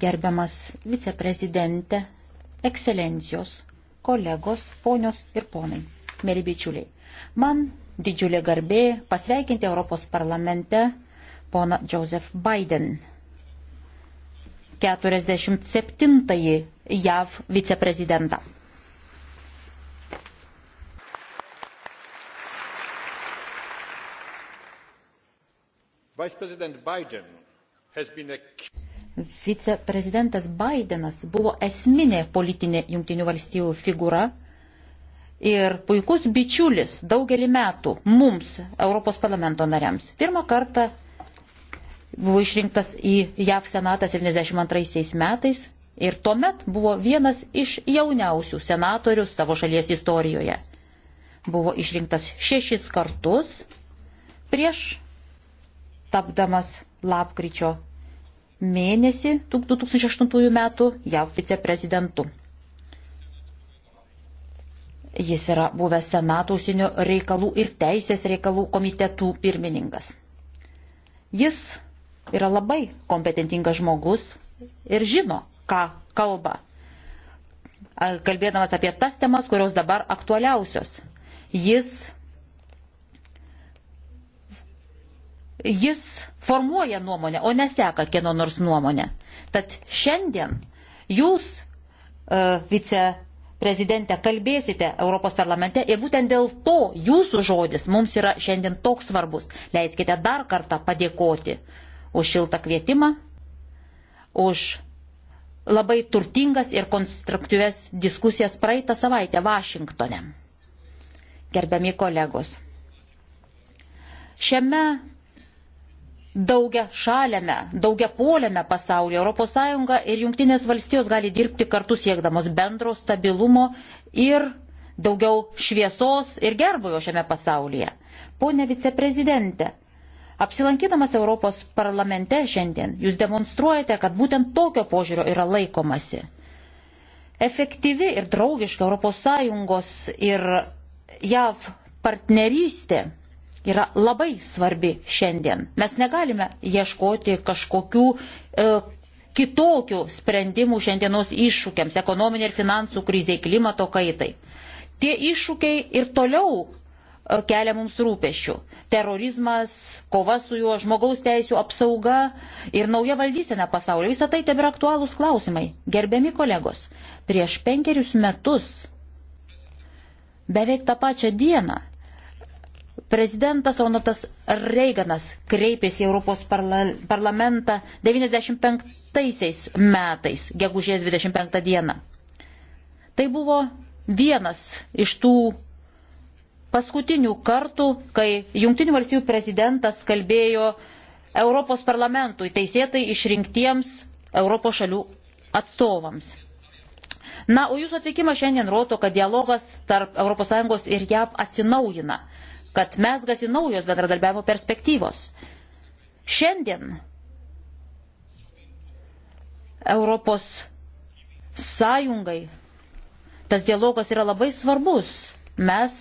Gerbiamas viceprezidente, ekscelencijos, kolegos, ponios ir ponai, mėly bičiuliai, man didžiulė garbė pasveikinti Europos parlamente pona Joseph Biden, 47-ąjį JAV viceprezidentą. Viceprezidentas Bidenas buvo esminė politinė jungtinių valstybių figūra ir puikus bičiulis daugelį metų mums, Europos parlamento nariams. Pirmą kartą buvo išrinktas į JAV senatą 72 metais ir tuomet buvo vienas iš jauniausių senatorių savo šalies istorijoje. Buvo išrinktas šešis kartus prieš tapdamas lapkričio mėnesį 2008 metų JAV viceprezidentu. Jis yra buvęs Senato užsienio reikalų ir teisės reikalų komitetų pirmininkas. Jis yra labai kompetentingas žmogus ir žino, ką kalba, kalbėdamas apie tas temas, kurios dabar aktualiausios. Jis jis formuoja nuomonę, o neseka kieno nors nuomonę. Tad šiandien jūs, e, viceprezidente, kalbėsite Europos parlamente ir būtent dėl to jūsų žodis mums yra šiandien toks svarbus. Leiskite dar kartą padėkoti už šiltą kvietimą, už labai turtingas ir konstruktyves diskusijas praeitą savaitę Vašingtone. Gerbiami kolegos, šiame daugia šalėme, daugia polėme pasaulyje. ES ir Junktinės valstijos gali dirbti kartu siekdamos bendro stabilumo ir daugiau šviesos ir gerbojo šiame pasaulyje. Pone viceprezidente, apsilankydamas Europos parlamente šiandien, jūs demonstruojate, kad būtent tokio požiūrio yra laikomasi. Efektyvi ir draugiška ES ir JAV partnerystė yra labai svarbi šiandien. Mes negalime ieškoti kažkokių e, kitokių sprendimų šiandienos iššūkiams - ekonominė ir finansų kriziai, klimato kaitai. Tie iššūkiai ir toliau e, kelia mums rūpešių. Terorizmas, kova su juo, žmogaus teisų apsauga ir nauja valdysena pasaulio. Visą tai tebėra aktualūs klausimai. Gerbiami kolegos, prieš penkerius metus, beveik tą pačią dieną, Prezidentas Ronaldas Reiganas kreipėsi į Europos parla parlamentą 95 metais, gegužės 25 dieną. Tai buvo vienas iš tų paskutinių kartų, kai Junktinių valstybių prezidentas kalbėjo Europos parlamentui teisėtai išrinktiems Europos šalių atstovams. Na, o jūsų atvykimas šiandien rodo, kad dialogas tarp ES ir JAV atsinaujina kad mes gasi naujos bendradarbiavimo perspektyvos. Šiandien Europos sąjungai tas dialogas yra labai svarbus. Mes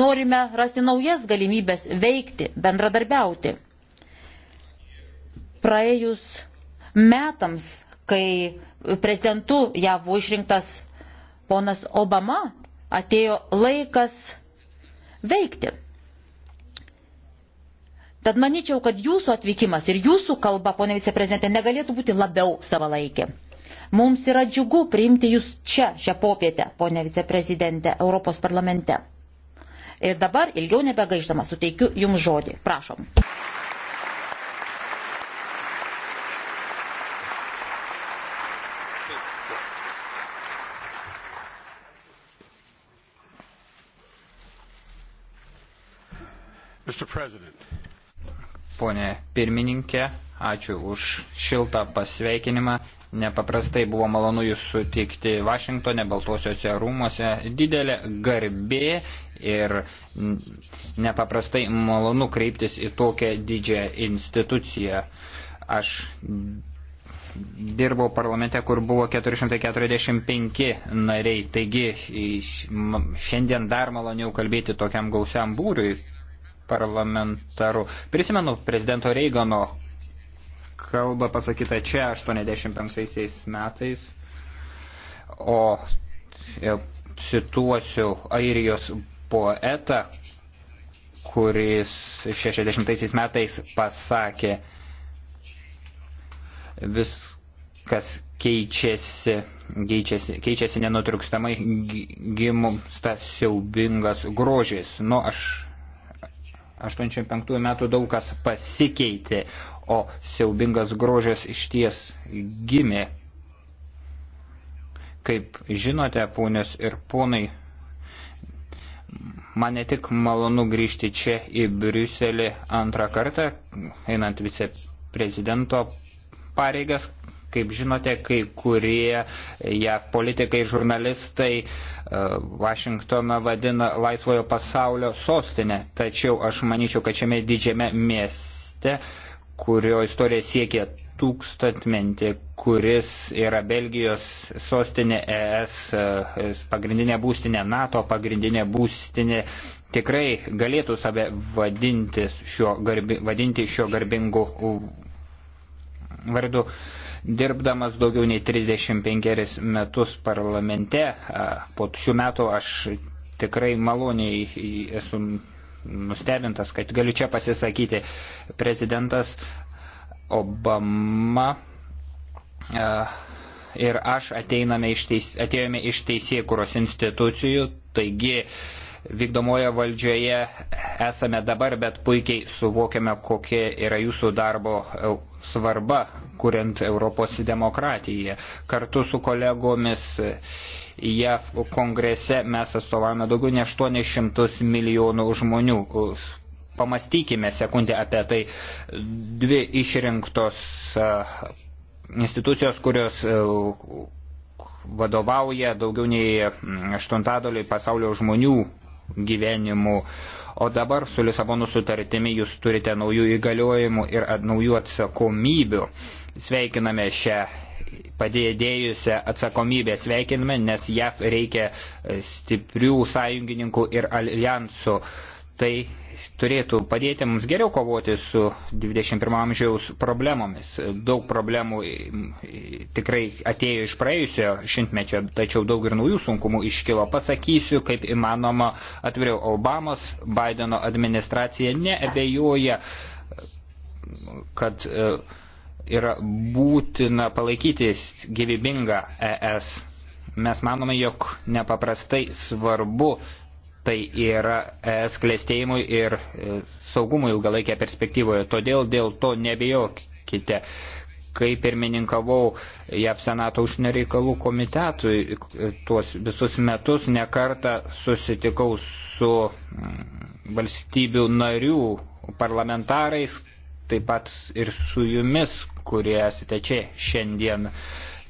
norime rasti naujas galimybės veikti, bendradarbiauti. Praėjus metams, kai prezidentu JAV buvo išrinktas ponas Obama, atėjo laikas veikti. Tad manyčiau, kad jūsų atvykimas ir jūsų kalba, ponė viceprezidentė, negalėtų būti labiau savalaikė. Mums yra džiugu priimti jūs čia šią popietę, ponė viceprezidentė, Europos parlamente. Ir dabar ilgiau nebegaiždama suteikiu jums žodį. Prašom. Pone pirmininkė, ačiū už šiltą pasveikinimą. Nepaprastai buvo malonu Jūs sutikti Vašingtone, Baltuosiuose rūmose. Didelė garbė ir nepaprastai malonu kreiptis į tokią didžią instituciją. Aš dirbau parlamente, kur buvo 445 nariai, taigi šiandien dar maloniau kalbėti tokiam gausiam būriui parlamentaru. Prisimenu prezidento Reigano kalbą pasakytą čia 85 metais, o e, cituosiu airijos poetą, kuris 60 metais pasakė, viskas keičiasi, keičiasi, keičiasi nenutrūkstamai gimsta siaubingas grožis. Nu, aš 85 metų daug kas pasikeitė, o siaubingas grožės išties gimė. Kaip žinote, ponės ir ponai, man ne tik malonu grįžti čia į Briuselį antrą kartą, einant viceprezidento pareigas, Kaip žinote, kai kurie JAV politikai, žurnalistai e, Vašingtoną vadina laisvojo pasaulio sostinė. Tačiau aš manyčiau, kad šiame didžiame mieste, kurio istorija siekia tūkstantmetį, kuris yra Belgijos sostinė ES, e, pagrindinė būstinė NATO, pagrindinė būstinė, tikrai galėtų save vadinti šiuo, garbi, vadinti šiuo garbingu vardu, dirbdamas daugiau nei 35 metus parlamente. Po šių metų aš tikrai maloniai esu nustebintas, kad galiu čia pasisakyti. Prezidentas Obama ir aš ateiname iš teis, atėjome iš teisėkuros institucijų, taigi vykdomoje valdžioje esame dabar, bet puikiai suvokiame, kokia yra jūsų darbo e, svarba, kuriant Europos demokratiją. Kartu su kolegomis JAV kongrese mes atstovavome daugiau nei 800 milijonų žmonių. Pamastykime sekundę apie tai. Dvi išrinktos e, institucijos, kurios e, vadovauja daugiau nei aštuntadaliui pasaulio žmonių gyvenimu. O dabar su Lisabono sutartimi jūs turite naujų įgaliojimų ir naujų atsakomybių. Sveikiname šią padėdėjusią atsakomybę, sveikiname, nes JAV reikia stiprių sąjungininkų ir alijansų. Tai turėtų padėti mums geriau kovoti su 21 amžiaus problemomis. Daug problemų tikrai atėjo iš praėjusio šimtmečio, tačiau daug ir naujų sunkumų iškilo. Pasakysiu, kaip įmanoma, atviriau Obamos, Bideno administracija neabejoja, kad e, yra būtina palaikyti gyvybingą ES. Mes manome, jog nepaprastai svarbu tai yra es klėstėjimui ir e, saugumui ilgalaikėje perspektyvoje. Todėl dėl to nebijokite. Kai pirmininkavau JAV Senato užsienio reikalų komitetui, e, tuos visus metus nekartą susitikau su mm, valstybių narių parlamentarais, taip pat ir su jumis, kurie esate čia šiandien.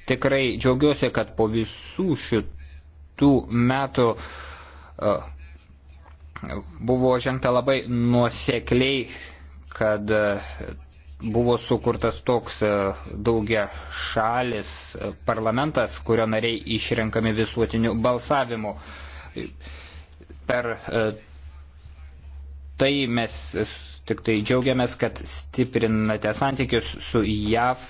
Tikrai džiaugiuosi, kad po visų šitų metų uh, buvo žengta labai nuosekliai, kad e, buvo sukurtas toks e, daugia šalis e, parlamentas, kurio nariai išrenkami visuotiniu balsavimu. Per tai mes tik tai džiaugiamės, kad stiprinate santykius su JAV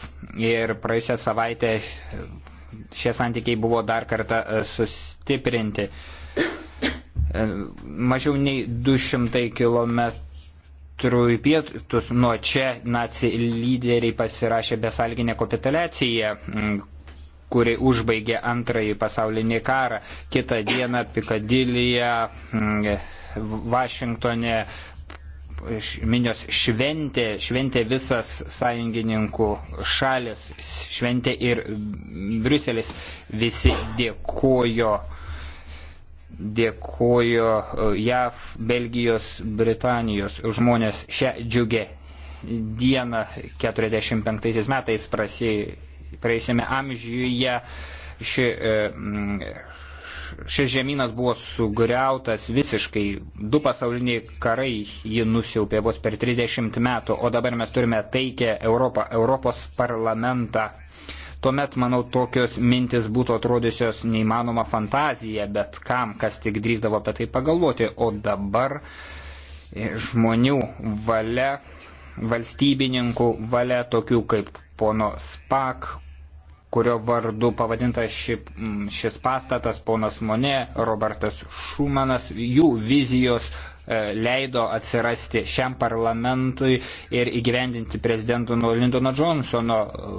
ir praėjusią savaitę šie santykiai buvo dar kartą sustiprinti. E, mažiau nei 200 km į pietus nuo čia naci lyderiai pasirašė besalginę kapitulaciją, kuri užbaigė antrąjį pasaulinį karą. Kitą dieną Pikadilyje, Vašingtonė minios šventė, šventė visas sąjungininkų šalis, šventė ir Briuselis, visi dėkojo uh, dėkojo e, JAV, Belgijos, Britanijos žmonės šią džiugę dieną 45 metais praeisime amžiuje. Ši, e, šis žemynas buvo sugriautas visiškai. Du pasauliniai karai jį nusiaupė vos per 30 metų, o dabar mes turime taikę Europą, Europos parlamentą. Uh, tuomet, manau, tokios mintis būtų atrodžiusios neįmanoma fantazija, bet kam, kas tik drįzdavo apie tai pagalvoti. O dabar e, žmonių valia, valstybininkų valia, tokių kaip pono Spak, kurio vardu pavadintas ši, šis pastatas, ponas Mone, Robertas Šumanas, jų vizijos E, leido atsirasti šiam parlamentui ir įgyvendinti prezidento Lindono Johnsono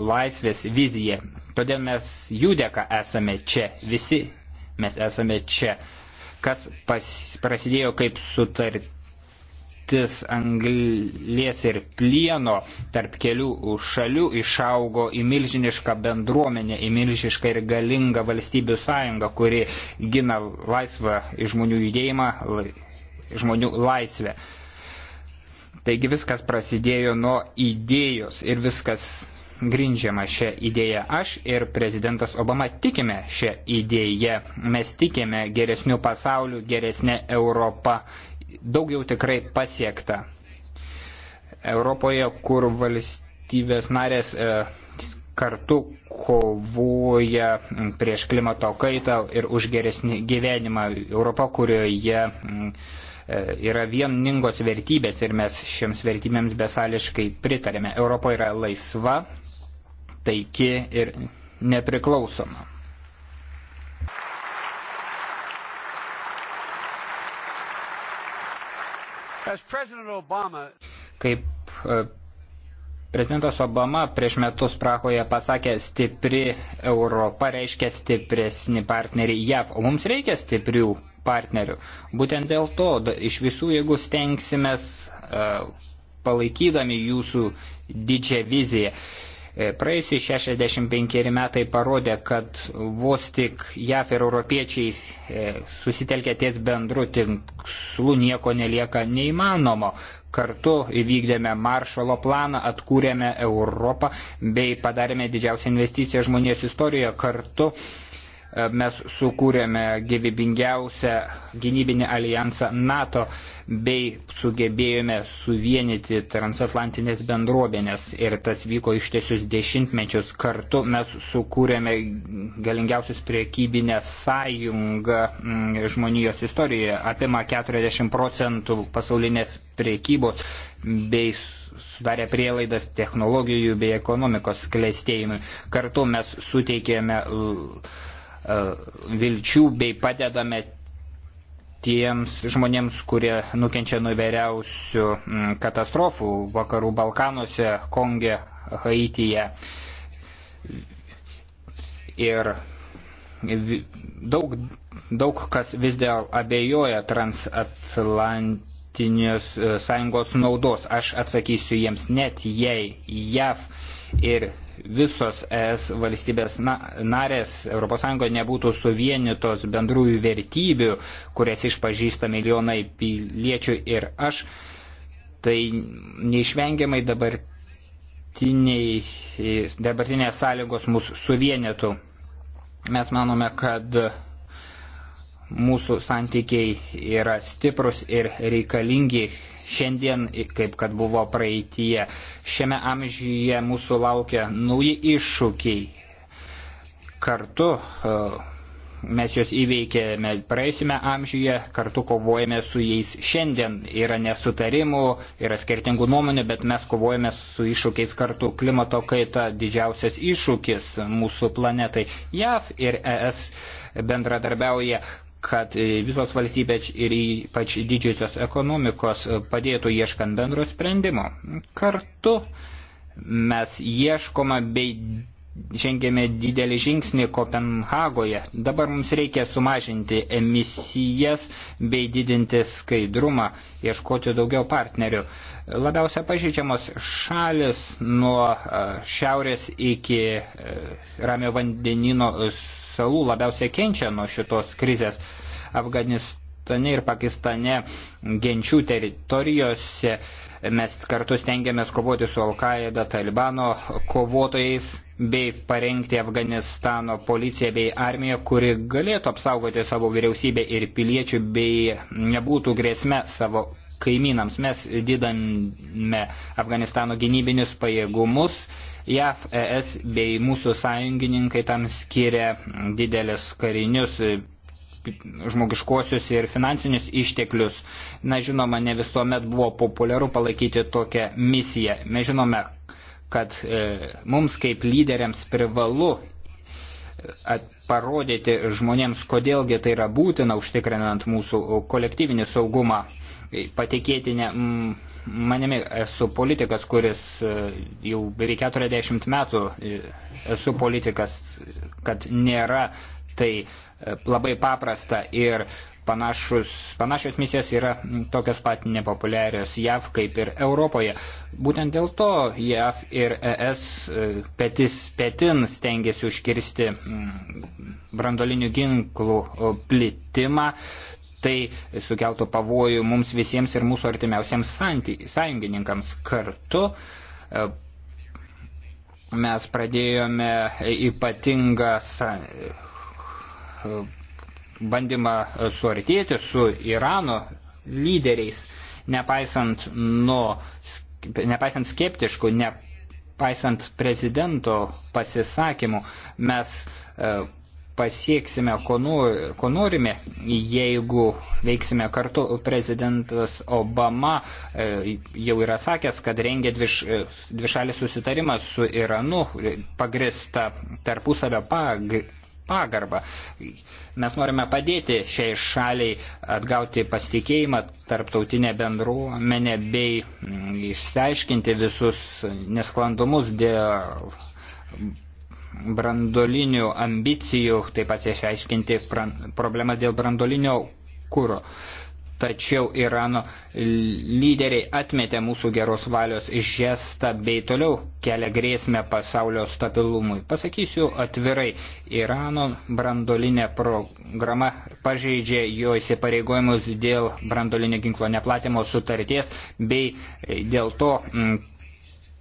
laisvės viziją. Todėl mes jų dėka esame čia, visi mes esame čia. Kas pas, prasidėjo kaip sutartis anglės ir plieno tarp kelių šalių išaugo į milžinišką bendruomenę, į milžinišką ir galingą valstybių sąjungą, kuri gina laisvą žmonių judėjimą, žmonių laisvę. Taigi viskas prasidėjo nuo idėjos ir viskas grindžiama šią idėją. Aš ir prezidentas Obama tikime šią idėją. Mes tikime geresnių pasaulių, geresnė Europa. Daugiau tikrai pasiekta. Europoje, kur valstybės narės e, kartu kovoja prieš klimato kaitą ir už geresnį gyvenimą. Europa, kurioje. Mm, E, yra vieningos vertybės ir mes šiems vertybėms besališkai pritarėme. Europa yra laisva, taiki ir nepriklausoma. Kaip e, prezidentas Obama prieš metus Prahoje pasakė, stipri Europa reiškia stipresni partneriai JAV, o mums reikia stiprių partnerių. Būtent dėl to iš visų, jeigu stengsimės e, palaikydami jūsų didžią viziją. E, Praėjusi 65 metai parodė, kad vos tik JAF ir europiečiai e, susitelkė ties bendru tikslu nieko nelieka neįmanomo. Kartu įvykdėme maršalo planą, atkūrėme Europą bei padarėme didžiausią investiciją žmonijos istorijoje. Kartu uh, mes sukūrėme gyvybingiausią gynybinį alijansą NATO bei sugebėjome suvienyti transatlantinės bendruomenės ir tas vyko ištesius dešimtmečius. Kartu mes sukūrėme galingiausius priekybinę sąjungą mm, žmonijos istorijoje, apima 40 procentų pasaulinės priekybos bei sudarė prielaidas technologijų bei ekonomikos klėstėjimui. Kartu mes suteikėme E, vilčių bei padedame tiems žmonėms, kurie nukenčia nuo įvairiausių mm, katastrofų vakarų Balkanuose, Konge, Haityje. Ir daug, daug kas vis dėl abejoja transatlantinės e, sąjungos naudos. Aš atsakysiu jiems, net jei JAV ir visos ES valstybės na, narės ES nebūtų suvienytos bendrųjų vertybių, kurias išpažįsta milijonai piliečių ir aš, tai neišvengiamai dabartinės sąlygos mus suvienytų. Mes manome, kad mūsų santykiai yra stiprus ir reikalingi šiandien, kaip kad buvo praeitie. Šiame amžiuje mūsų laukia nauji iššūkiai. Kartu e, mes juos įveikėme praėjusime amžiuje, kartu kovojame su jais šiandien. Yra nesutarimų, yra skirtingų nuomonių, bet mes kovojame su iššūkiais kartu. Klimato kaita didžiausias iššūkis mūsų planetai. JAV ir ES bendradarbiauja kad e, visos valstybės ir ypač didžiosios ekonomikos e, padėtų ieškant bendro sprendimo. Kartu mes ieškoma bei žengėme didelį žingsnį Kopenhagoje. Dabar mums reikia sumažinti emisijas bei didinti skaidrumą, ieškoti daugiau partnerių. Labiausia pažydžiamos šalis nuo e, šiaurės iki ramio vandenino salų labiausiai kenčia nuo šitos krizės. Afganistane ir Pakistane genčių teritorijose mes kartu stengiamės kovoti su Al-Qaeda, Talibano kovotojais bei parengti Afganistano policiją bei armiją, kuri galėtų apsaugoti savo vyriausybę ir piliečių bei nebūtų grėsme savo kaimynams. Mes didame Afganistano gynybinius pajėgumus. JAF, ES bei mūsų sąjungininkai tam skiria didelis karinius žmogiškuosius ir finansinius išteklius. Na, žinoma, ne visuomet buvo populiaru palaikyti tokią misiją. Mes žinome, kad e, mums kaip lyderiams privalu parodyti žmonėms, kodėlgi tai yra būtina užtikrinant mūsų kolektyvinį saugumą. Patikėtinė, manimi esu politikas, kuris e, jau beveik 40 metų e, esu politikas, kad nėra tai e, labai paprasta ir uh, Panašus, panašios misijos yra tokios pat nepopuliarios JAV kaip ir Europoje. Būtent dėl to JAV ir ES e, petis petin stengiasi užkirsti mm, brandolinių ginklų plitimą. Tai sukeltų pavojų mums visiems ir mūsų artimiausiems sąjungininkams kartu e, mes pradėjome ypatingas bandymą e, suartėti su Irano lyderiais, nepaisant, nuo, nepaisant skeptiškų, nepaisant prezidento pasisakymų, mes e, pasieksime, ko, nu, ko norime, jeigu veiksime kartu. Prezidentas Obama e, jau yra sakęs, kad rengia dviš, dvišalį susitarimą su Iranu, pagrista tarpusavio pag pagarbą. Mes norime padėti šiai šaliai atgauti pasitikėjimą tarptautinę bendruomenę bei mm, išsiaiškinti visus nesklandumus dėl brandolinių ambicijų, taip pat išaiškinti problemą dėl brandolinio kūro tačiau Irano lyderiai atmetė mūsų geros valios žestą bei toliau kelia grėsmę pasaulio stabilumui. Pasakysiu atvirai, Irano brandolinė programa pažeidžia jo įsipareigojimus dėl brandolinio ginklo neplatimo sutarties bei dėl to mm,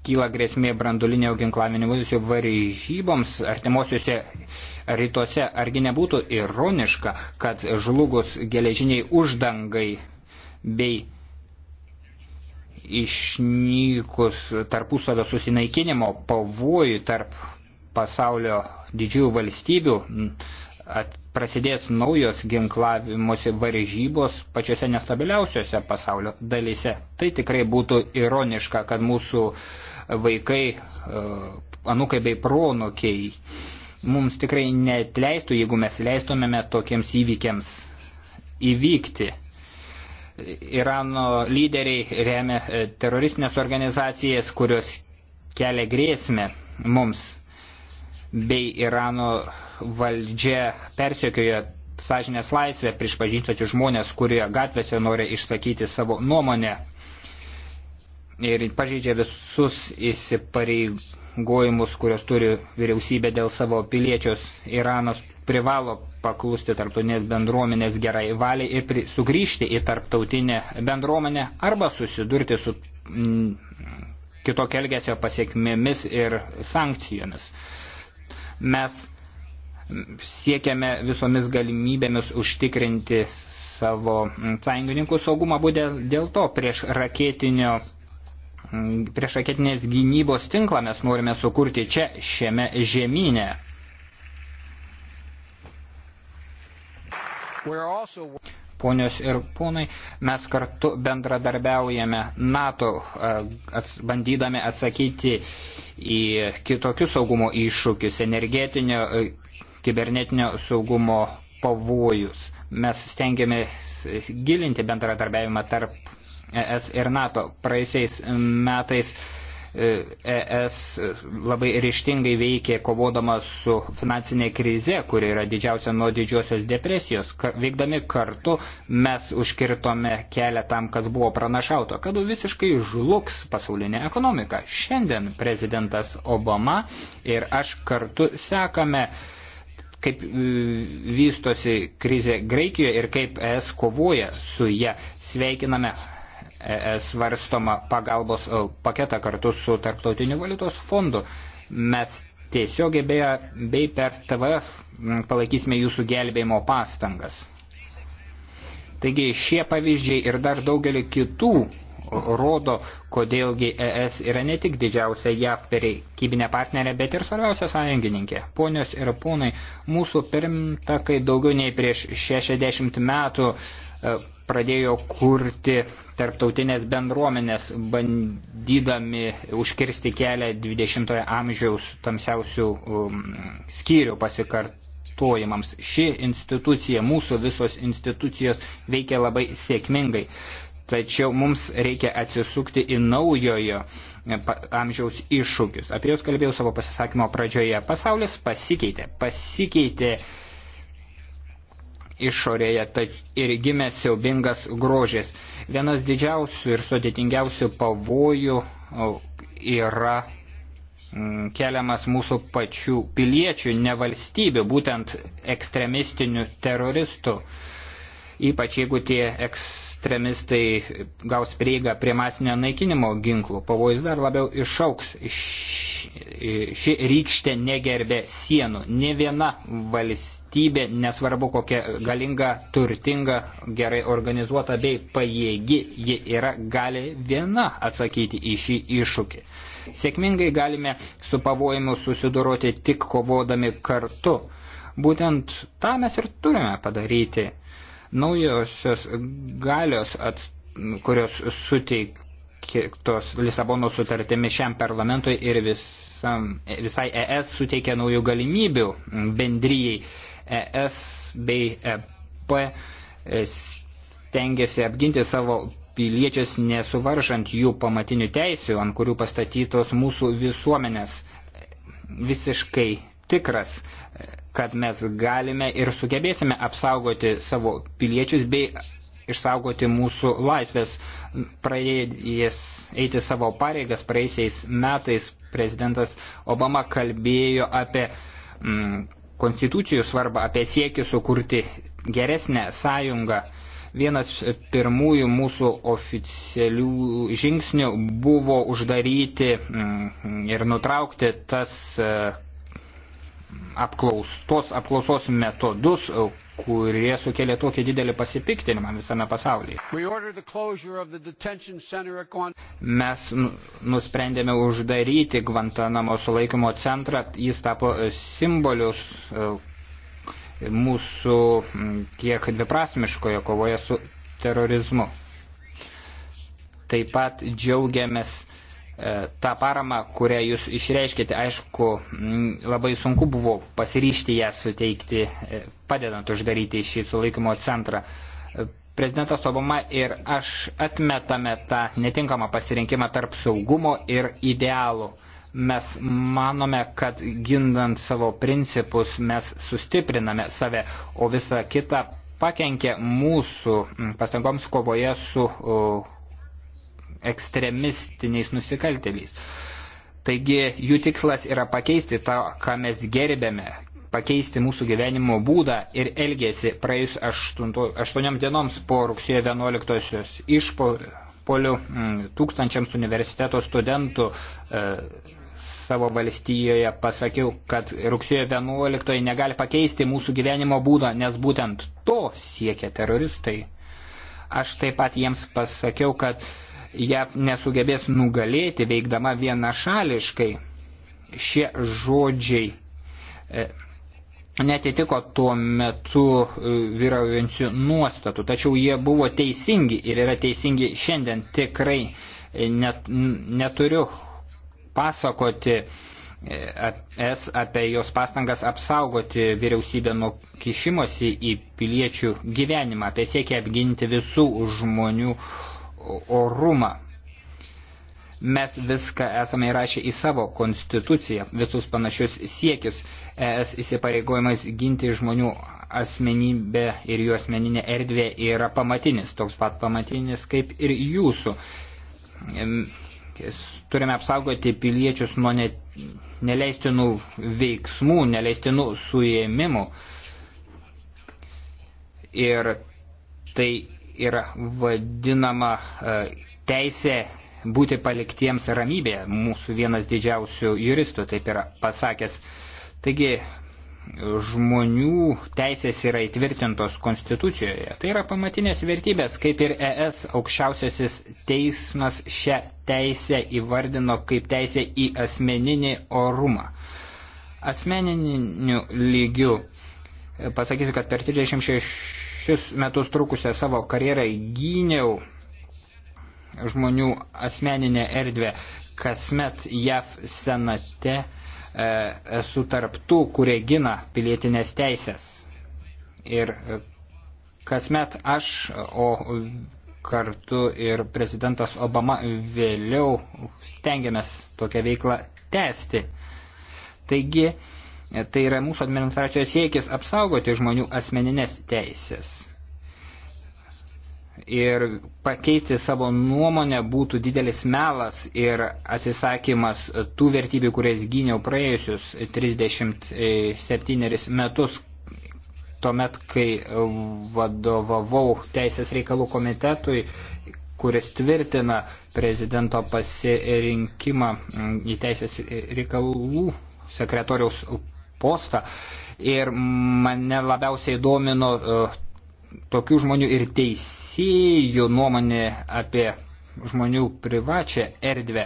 kyla grėsmė brandulinio ginklavimuose varžyboms artimuosiuose rytuose, argi nebūtų ironiška, kad žlugus geležiniai uždangai bei išnykus tarpusavio susineikinimo pavojų tarp pasaulio didžiųjų valstybių at, prasidės naujos ginklavimosi varžybos pačiose nestabiliausiose pasaulio dalyse. Tai tikrai būtų ironiška, kad mūsų vaikai, e, anukai bei pronokiai mums tikrai netleistų, jeigu mes leistumėme tokiems įvykiams įvykti. Irano lyderiai remia e, teroristinės organizacijas, kurios kelia grėsmę mums bei Irano valdžia persiekioja sąžinės laisvę prieš pažįstantį žmonės, kurie gatvėse nori išsakyti savo nuomonę ir pažeidžia visus įsipareigojimus, kurios turi vyriausybė dėl savo piliečios. Iranas privalo paklusti tarptautinės bendruomenės gerai valiai ir pri, sugrįžti į tarptautinę bendruomenę arba susidurti su m, mm, kitokio elgesio pasiekmėmis ir sankcijomis. Mes siekiame visomis galimybėmis užtikrinti savo sąjungininkų saugumą, būtent dėl to prieš raketinio prieš raketinės gynybos tinklą mes norime sukurti čia šiame žemynė. Ponios ir ponai, mes kartu bendradarbiaujame NATO, e, bandydami atsakyti į kitokius saugumo iššūkius, energetinio, e, kibernetinio saugumo pavojus. Mes stengiamės gilinti bendradarbiavimą tarp ES ir NATO. Praeisiais metais ES labai ryštingai veikė kovodama su finansinė krize, kuri yra didžiausia nuo didžiosios depresijos. Veikdami kartu mes užkirtome kelią tam, kas buvo pranašauto, kad visiškai žlugs pasaulinė ekonomika. Šiandien prezidentas Obama ir aš kartu sekame kaip e, vystosi krizė Graikijoje ir kaip ES kovoja su ją. Sveikiname E svarstoma pagalbos e, paketą kartu su Tarptautiniu valiutos fondu. Mes tiesiogiai beje bei per TVF palaikysime jūsų gelbėjimo pastangas. Taigi šie pavyzdžiai ir dar daugelį kitų rodo, kodėlgi ES yra ne tik didžiausia JAV perikybinė partnerė, bet ir svarbiausia sąjungininkė. Ponios ir ponai, mūsų pirmtakai daugiau nei prieš 60 metų e, pradėjo kurti tarptautinės bendruomenės, bandydami užkirsti kelią 20-ojo amžiaus tamsiausių um, skyrių pasikartojimams. Ši institucija, mūsų visos institucijos veikia labai sėkmingai. Tačiau mums reikia atsisukti į naujojo e, amžiaus iššūkius. Apie juos kalbėjau savo pasisakymo pradžioje. Pasaulis pasikeitė. Pasikeitė uh, išorėje, tai ir gimė siaubingas grožis. Vienas didžiausių ir sudėtingiausių pavojų yra mm, keliamas mūsų pačių piliečių, ne valstybių, būtent ekstremistinių teroristų. Ypač jeigu tie ekstremistai gaus prieigą prie masinio naikinimo ginklų, pavojus dar labiau išauks. Ši rykštė negerbė sienų. Ne viena valstybė valstybė, nesvarbu kokia galinga, turtinga, gerai organizuota bei pajėgi ji yra, gali viena atsakyti į šį iššūkį. Sėkmingai galime su pavojimu susidoroti tik kovodami kartu. Būtent tą mes ir turime padaryti. Naujosios galios, at, kurios suteiktos Lisabono sutartimi šiam parlamentui ir vis visam, visai ES suteikia naujų galimybių bendryjai. ES bei EP stengiasi apginti savo piliečius nesuvaržant jų pamatinių teisių, ant kurių pastatytos mūsų visuomenės. Visiškai tikras, kad mes galime ir sugebėsime apsaugoti savo piliečius bei išsaugoti mūsų laisvės. Praėjęs eiti savo pareigas, praeisiais metais prezidentas Obama kalbėjo apie mm, konstitucijų svarbą, apie siekį sukurti geresnę sąjungą. Vienas pirmųjų mūsų oficialių žingsnių buvo uždaryti mm, ir nutraukti tas e, apklaus, tos apklausos metodus, kurie sukėlė tokį didelį pasipiktinimą visame pasaulyje. Mes nu, nusprendėme uždaryti Guantanamo sulaikymo centrą, jis tapo e, simbolius e, mūsų kiek dviprasmiškoje kovoje su terorizmu. Taip pat džiaugiamės E, tą paramą, kurią jūs išreiškite, aišku, labai sunku buvo pasiryšti ją suteikti, e, padedant uždaryti šį sulaikymo centrą. E, prezidentas Obama ir aš atmetame tą netinkamą pasirinkimą tarp saugumo ir idealų. Mes manome, kad gindant savo principus mes sustipriname save, o visa kita pakenkia mūsų pastangoms kovoje su uh, ekstremistiniais nusikaltėliais. Taigi jų tikslas yra pakeisti tą, ką mes gerbėme, pakeisti mūsų gyvenimo būdą ir elgesį praėjus 8 dienoms po rugsėjo 11-osios išpolių mm, tūkstančiams universiteto studentų e, savo valstijoje pasakiau, kad rugsėjo 11-oji negali pakeisti mūsų gyvenimo būdą, nes būtent to siekia teroristai. Aš taip pat jiems pasakiau, kad e, JAV nesugebės nugalėti veikdama vienašališkai. Šie žodžiai e, netitiko tuo metu e, vyraujančių nuostatų, tačiau jie buvo teisingi ir yra teisingi šiandien. Tikrai e, net, neturiu pasakoti es apie jos pastangas apsaugoti vyriausybę nuo kišimosi į piliečių gyvenimą, apie siekia apginti visų žmonių orumą. Mes viską esame įrašę į savo konstituciją, visus panašius siekius, es įsipareigojimas ginti žmonių asmenybę ir jų asmeninę erdvę yra pamatinis, toks pat pamatinis kaip ir jūsų. Turime apsaugoti piliečius nuo ne, neleistinų veiksmų, neleistinų suėmimų. Ir tai yra vadinama e, teisė būti paliktiems ramybėje. Mūsų vienas didžiausių juristų taip yra pasakęs. Taigi žmonių teisės yra įtvirtintos konstitucijoje. Tai yra pamatinės vertybės, kaip ir ES aukščiausiasis teismas šią teisę įvardino kaip teisę į asmeninį orumą. Asmeniniu lygiu pasakysiu, kad per 36 šešis metus trukusią savo karjerą gyniau žmonių asmeninę erdvę. Kasmet JAV senate e, esu tarptų, kurie gina pilietinės teisės. Ir e, kasmet aš, o kartu ir prezidentas Obama vėliau stengiamės tokią veiklą tęsti. Taigi, Tai yra mūsų administracijos siekis apsaugoti žmonių asmeninės teisės. Ir pakeisti savo nuomonę būtų didelis melas ir atsisakymas tų vertybių, kurias gyniau praėjusius 37 metus, tuomet, kai vadovavau Teisės reikalų komitetui, kuris tvirtina prezidento pasirinkimą į Teisės reikalų sekretoriaus postą ir mane labiausiai domino e, tokių žmonių ir teisėjų nuomonė apie žmonių privačią erdvę.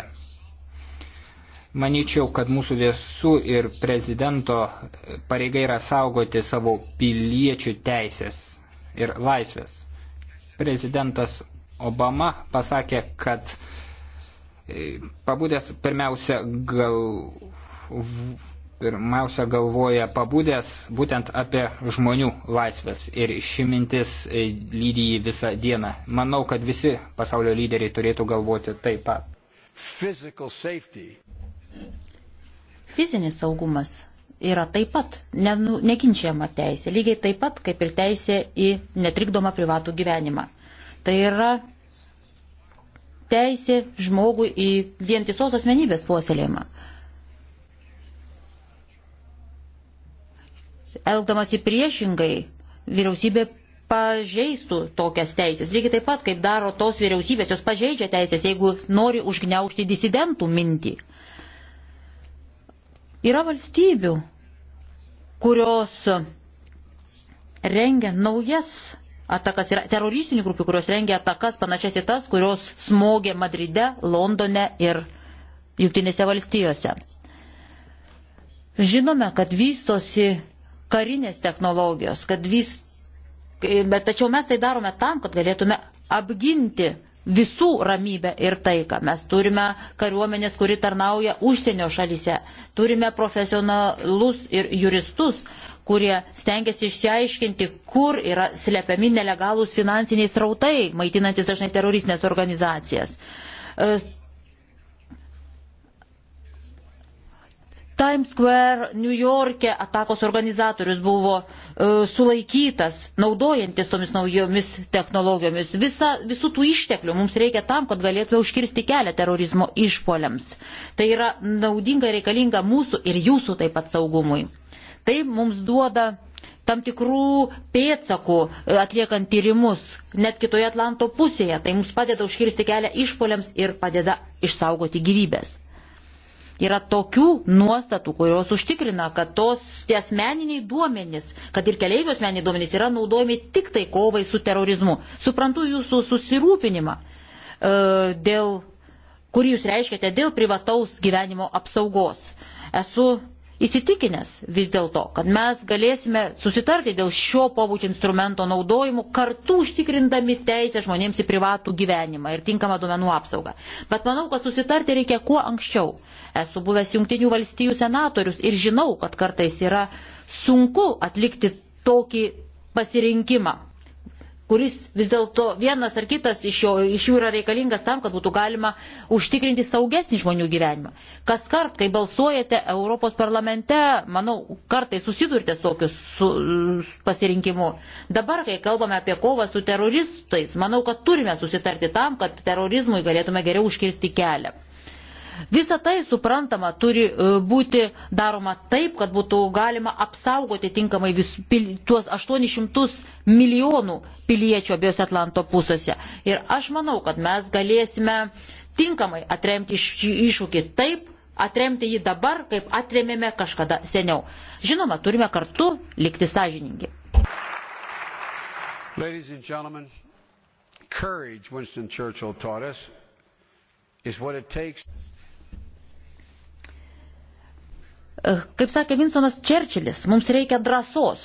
Manyčiau, kad mūsų visų ir prezidento pareiga yra saugoti savo piliečių teisės ir laisvės. Prezidentas Obama pasakė, kad e, pabūdęs pirmiausia gal pirmiausia galvoja pabudęs būtent apie žmonių laisvės ir ši mintis e, lydi jį visą dieną. Manau, kad visi pasaulio lyderiai turėtų galvoti taip pat. Fizinis saugumas yra taip pat ne, nu, nekinčiama teisė, lygiai taip pat kaip ir teisė į netrikdomą privatų gyvenimą. Tai yra teisė žmogui į vientisos asmenybės puoselėjimą. elgdamasi priešingai, vyriausybė pažeistų tokias teisės. Lygiai taip pat, kaip daro tos vyriausybės, jos pažeidžia teisės, jeigu nori užgneušti disidentų mintį. Yra valstybių, kurios rengia naujas atakas, yra teroristinių grupių, kurios rengia atakas panašias į tas, kurios smogė Madride, Londone ir Junktinėse valstijose. Žinome, kad vystosi karinės technologijos, kad vis. Bet tačiau mes tai darome tam, kad galėtume apginti visų ramybę ir taiką. Mes turime kariuomenės, kuri tarnauja užsienio šalyse. Turime profesionalus ir juristus, kurie stengiasi išsiaiškinti, kur yra slepiami nelegalūs finansiniai srautai, maitinantis dažnai teroristinės organizacijas. E, Times Square New York'e atakos organizatorius buvo e, sulaikytas, naudojantis tomis naujomis technologijomis. Visa, visų tų išteklių mums reikia tam, kad galėtume užkirsti kelią terorizmo išpoliams. Tai yra naudinga reikalinga mūsų ir jūsų taip pat saugumui. Tai mums duoda tam tikrų pėdsakų e, atliekant tyrimus, net kitoje Atlanto pusėje. Tai mums padeda užkirsti kelią išpoliams ir padeda išsaugoti gyvybės. Yra tokių nuostatų, kurios užtikrina, kad tos tie asmeniniai duomenys, kad ir keliaivių asmeniniai duomenys yra naudojami tik tai kovai su terorizmu. Suprantu jūsų susirūpinimą, e, dėl, kurį jūs reiškiate dėl privataus gyvenimo apsaugos. Esu įsitikinęs vis dėlto, kad mes galėsime susitarti dėl šio pobūdžio instrumento naudojimo, kartu užtikrindami teisę žmonėms į privatų gyvenimą ir tinkamą duomenų apsaugą. Bet manau, kad susitarti reikia kuo anksčiau. Esu buvęs Junktinių valstijų senatorius ir žinau, kad kartais yra sunku atlikti tokį pasirinkimą kuris vis dėlto vienas ar kitas iš, jo, iš jų yra reikalingas tam, kad būtų galima užtikrinti saugesnį žmonių gyvenimą. Kas kart, kai balsuojate Europos parlamente, manau, kartai susidurite su tokiu su, pasirinkimu. Dabar, kai kalbame apie kovą su teroristais, manau, kad turime susitarti tam, kad terorizmui galėtume geriau užkirsti kelią. Visą tai, suprantama, turi e, būti daroma taip, kad būtų galima apsaugoti tinkamai vis, pil, tuos 800 milijonų piliečių abiejose Atlanto pusėse. Ir aš manau, kad mes galėsime tinkamai atremti šį iššūkį taip, atremti jį dabar, kaip atremėme kažkada seniau. Žinoma, turime kartu likti sąžiningi. Ladies and gentlemen, courage, Winston Churchill taught us, is what it takes. Kaip sakė Vinstonas Čerčilis, mums reikia drąsos.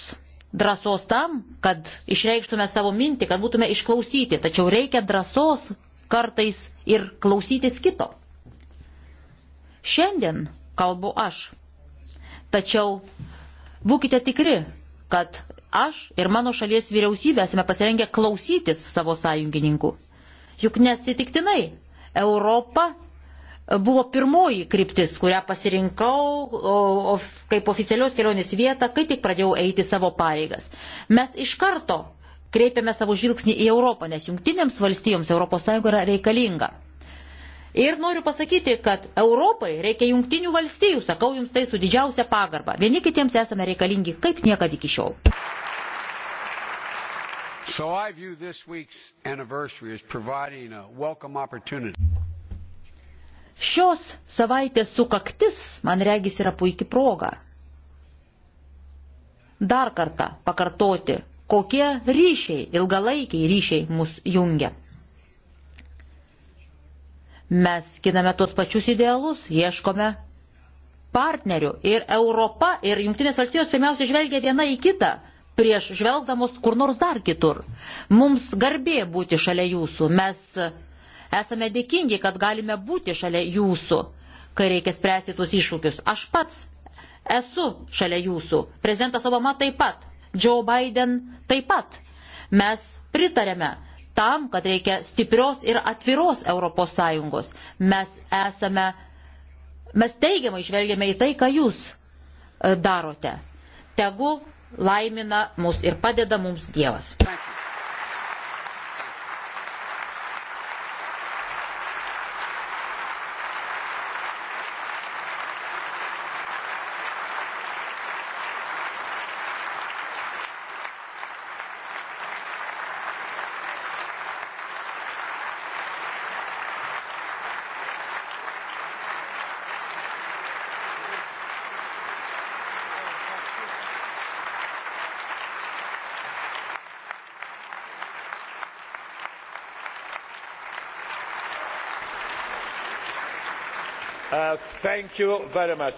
Drąsos tam, kad išreikštume savo mintį, kad būtume išklausyti, tačiau reikia drąsos kartais ir klausytis kito. Šiandien kalbu aš. Tačiau būkite tikri, kad aš ir mano šalies vyriausybė esame pasirengę klausytis savo sąjungininkų. Juk nesitiktinai Europa buvo pirmoji kryptis, kurią pasirinkau o, o, kaip oficialios kelionės vietą, kai tik pradėjau eiti savo pareigas. Mes iš karto kreipiame savo žvilgsnį į Europą, nes jungtinėms valstijoms ES yra reikalinga. Ir noriu pasakyti, kad Europai reikia jungtinių valstijų, sakau jums tai su didžiausia pagarba. Vieni kitiems esame reikalingi kaip niekada iki šiol. So I view this week's anniversary as providing a welcome opportunity. Šios savaitės sukaktis, man regis, yra puikia proga. Dar kartą pakartoti, kokie ryšiai, ilgalaikiai ryšiai mus jungia. Mes giname tos pačius idealus, ieškome partnerių ir Europa ir Junktinės valstijos pirmiausia žvelgia viena į kitą prieš žvelgdamos kur nors dar kitur. Mums garbė būti šalia jūsų. Mes Esame dėkingi, kad galime būti šalia jūsų, kai reikia spręsti tuos iššūkius. Aš pats esu šalia jūsų. Prezidentas Obama taip pat. Joe Biden taip pat. Mes pritarėme tam, kad reikia stiprios ir atviros ES. Mes esame, mes teigiamai žvelgiame į tai, ką jūs e, darote. Tegu laimina mus ir padeda mums Dievas. Ačiū. Uh,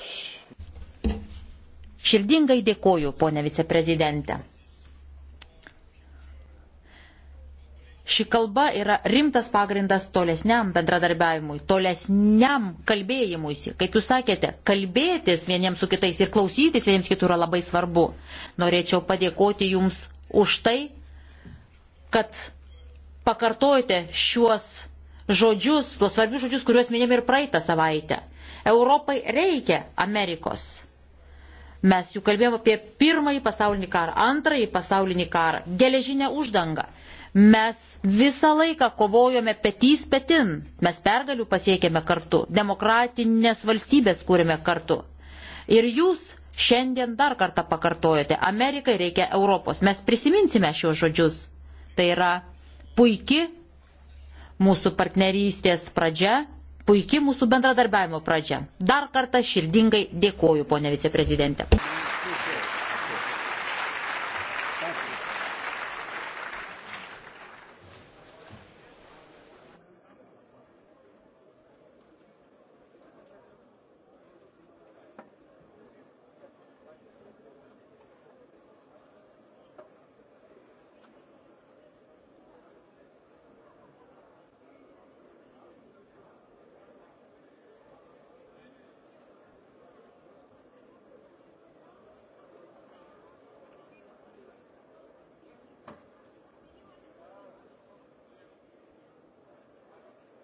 Širdingai dėkoju, ponė viceprezidente. Ši kalba yra rimtas pagrindas tolesniam bendradarbiavimui, tolesniam kalbėjimuisi. Kaip jūs sakėte, kalbėtis vieniems su kitais ir klausytis vieniems kitų yra labai svarbu. Norėčiau padėkoti jums už tai, kad pakartojate šiuos žodžius, tuos svarbius žodžius, kuriuos minėjome ir praeitą savaitę. Europai reikia Amerikos. Mes jau kalbėjome apie pirmąjį pasaulinį karą, antrąjį pasaulinį karą, geležinę uždangą. Mes visą laiką kovojome petys petin, mes pergalių pasiekėme kartu, demokratinės valstybės kūrėme kartu. Ir jūs šiandien dar kartą pakartojate, Amerikai reikia Europos. Mes prisiminsime šios žodžius. Tai yra puiki mūsų partnerystės pradžia, puikiai mūsų bendradarbiavimo pradžia. Dar kartą širdingai dėkoju, ponė viceprezidentė.